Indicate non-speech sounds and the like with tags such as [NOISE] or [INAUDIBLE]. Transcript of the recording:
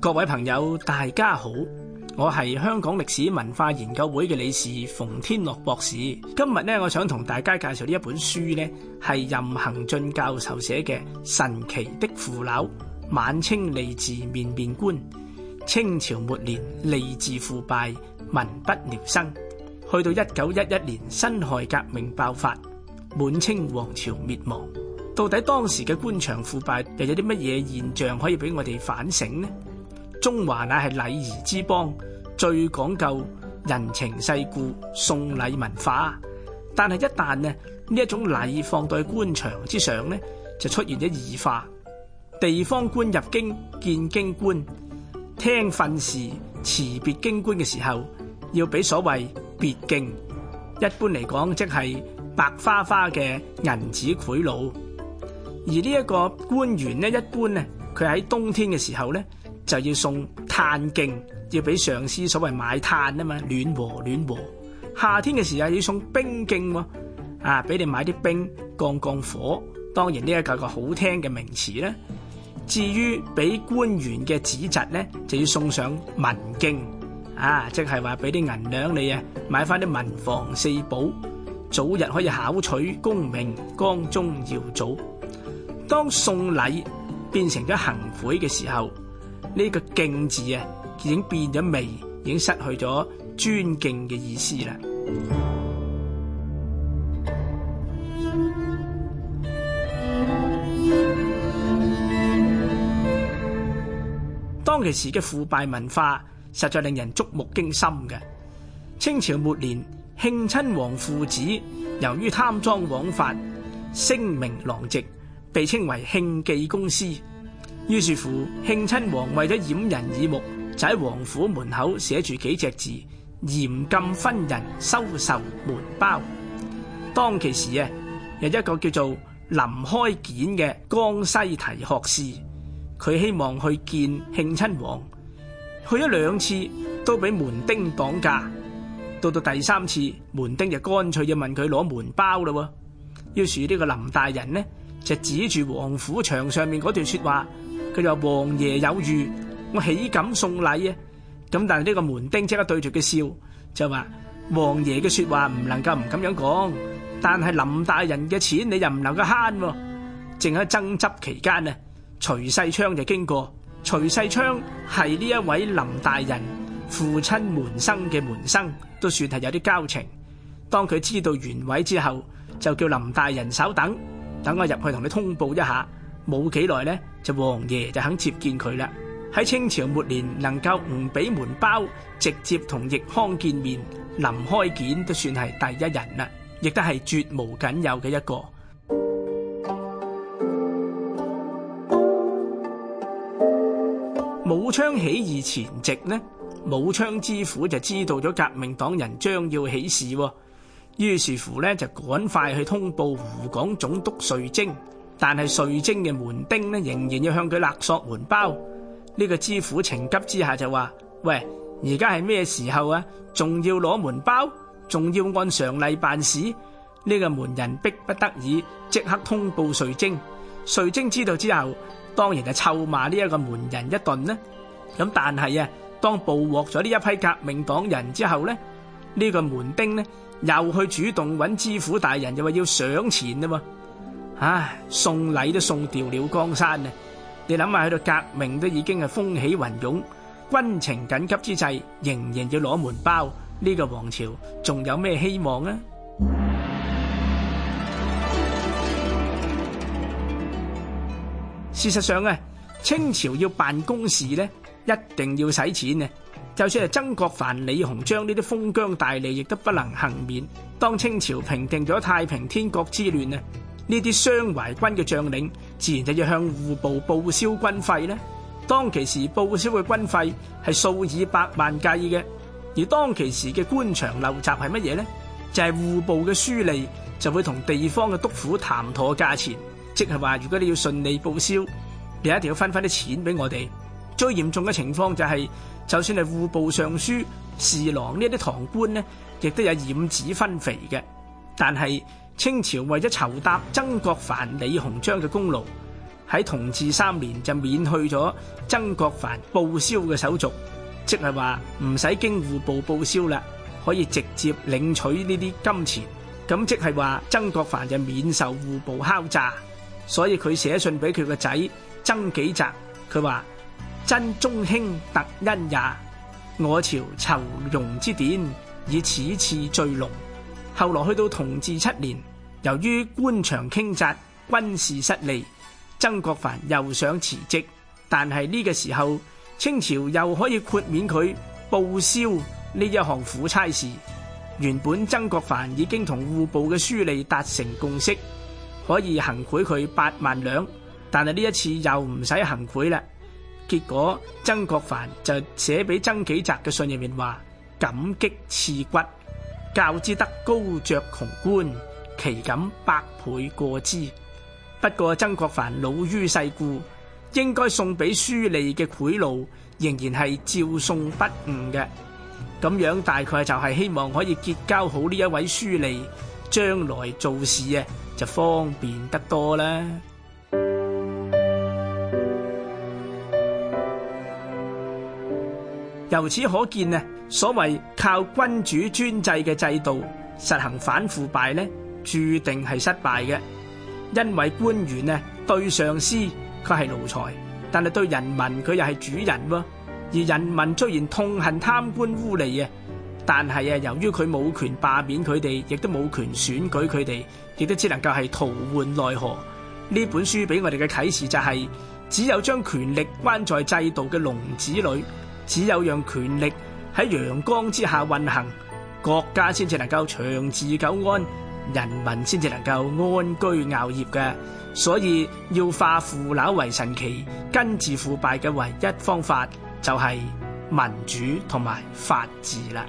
各位朋友，大家好，我係香港歷史文化研究會嘅理事馮天樂博士。今日咧，我想同大家介紹呢一本書咧，係任恆俊教授寫嘅《神奇的腐朽：晚清吏治面面觀》。清朝末年，吏治腐敗，民不聊生。去到一九一一年辛亥革命爆發，滿清王朝滅亡。到底當時嘅官場腐敗又有啲乜嘢現象可以俾我哋反省呢？中華乃係禮儀之邦，最講究人情世故、送禮文化。但係一旦呢呢一種禮放在官場之上呢，就出現咗異化。地方官入京見京官，聽訓示，辭別京官嘅時候，要俾所謂別敬。一般嚟講，即係白花花嘅銀紙賄賂。而呢一個官員呢，一般呢，佢喺冬天嘅時候呢，就要送炭敬，要俾上司所謂買炭啊嘛，暖和暖和。夏天嘅時候要送冰敬，啊，俾你買啲冰降降火。當然呢一個個好聽嘅名詞咧。至於俾官員嘅子侄呢，就要送上文敬啊，即係話俾啲銀兩你啊，買翻啲文房四寶，早日可以考取功名，光宗耀祖。當送禮變成咗行賄嘅時候。呢、這個敬字啊，已經變咗味，已經失去咗尊敬嘅意思啦。當其時嘅腐敗文化實在令人觸目驚心嘅。清朝末年，慶親王父子由於貪贓枉法，聲名狼藉，被稱為慶記公司。於是乎，慶親王為咗掩人耳目，就喺王府門口寫住幾隻字：嚴禁分人收受門包。當其時啊，有一個叫做林開簡嘅江西提學士，佢希望去見慶親王，去咗兩次都俾門丁擋駕。到到第三次，門丁就乾脆就問佢攞門包啦。於是呢個林大人呢就指住王府牆上面嗰段說話。佢就話王爺有遇，我豈敢送禮啊？咁但係呢個門丁即刻對住佢笑，就話王爺嘅說話唔能夠唔咁樣講，但係林大人嘅錢你又唔能夠慳，淨喺爭執期間啊，徐世昌就經過，徐世昌係呢一位林大人父親門生嘅門生，都算係有啲交情。當佢知道原委之後，就叫林大人稍等，等我入去同你通報一下。冇幾耐呢，就王爺就肯接見佢啦。喺清朝末年，能夠唔俾門包，直接同奕劻見面，臨開件都算係第一人啦，亦都係絕無僅有嘅一個。 [MUSIC] 武昌起義前夕呢，武昌知府就知道咗革命黨人將要起事，於是乎呢，就趕快去通報湖廣總督瑞澂。但係瑞晶嘅門丁咧，仍然要向佢勒索門包。呢個知府情急之下就話，喂，而家係咩時候啊？仲要攞門包，仲要按常例辦事。呢個門人逼不得已，即刻通報瑞晶。瑞晶知道之後，當然就臭罵呢一個門人一頓咧。咁但係啊，當捕獲咗呢一批革命黨人之後呢，呢個門丁咧又去主動揾知府大人，又話要賞錢啦嘛。啊！送禮都送掉了江山啊！你諗下喺度革命都已經係風起雲湧，軍情緊急之際，仍然要攞門包，呢個王朝仲有咩希望啊？事實上啊，清朝要辦公事咧，一定要使錢啊！就算係曾國藩、李鴻章呢啲封疆大吏，亦都不能幸免。當清朝平定咗太平天國之亂啊！呢啲湘淮軍嘅將領，自然就要向戶部報銷軍費咧。當其時報銷嘅軍費係數以百萬計嘅，而當其時嘅官場陋習係乜嘢呢？就係、是、戶部嘅書吏就會同地方嘅督府談妥價錢，即係話如果你要順利報銷，你一定要分翻啲錢俾我哋。最嚴重嘅情況就係、是，就算係戶部尚書、侍郎呢啲堂官呢，亦都有染指分肥嘅，但係。清朝為咗酬答曾國藩、李鴻章嘅功勞，喺同治三年就免去咗曾國藩報銷嘅手續，即係話唔使經戶部報銷啦，可以直接領取呢啲金錢。咁即係話曾國藩就免受戶部敲詐，所以佢寫信俾佢個仔曾紀澤，佢話：曾中興特恩也，我朝酬庸之典，以此次最隆。後來去到同治七年，由於官場傾軋、軍事失利，曾國藩又想辭職，但係呢個時候清朝又可以豁免佢報銷呢一項苦差事。原本曾國藩已經同戶部嘅書吏達成共識，可以行賄佢八萬兩，但係呢一次又唔使行賄啦。結果曾國藩就寫俾曾紀澤嘅信入面話感激刺骨。較之得高爵窮官，其感百倍過之。不過曾國藩老於世故，應該送俾書吏嘅賄賂，仍然係照送不誤嘅。咁樣大概就係希望可以結交好呢一位書吏，將來做事啊就方便得多啦。由此可見呢，所謂靠君主專制嘅制度實行反腐敗呢，注定係失敗嘅。因為官員咧對上司佢係奴才，但係對人民佢又係主人。而人民雖然痛恨貪官污吏啊，但係啊，由於佢冇權罷免佢哋，亦都冇權選舉佢哋，亦都只能夠係徒喚奈何。呢本書俾我哋嘅啟示就係、是：只有將權力關在制度嘅籠子裏。」只有讓權力喺陽光之下運行，國家先至能夠長治久安，人民先至能夠安居樂業嘅。所以要化腐朽為神奇，根治腐敗嘅唯一方法就係民主同埋法治啦。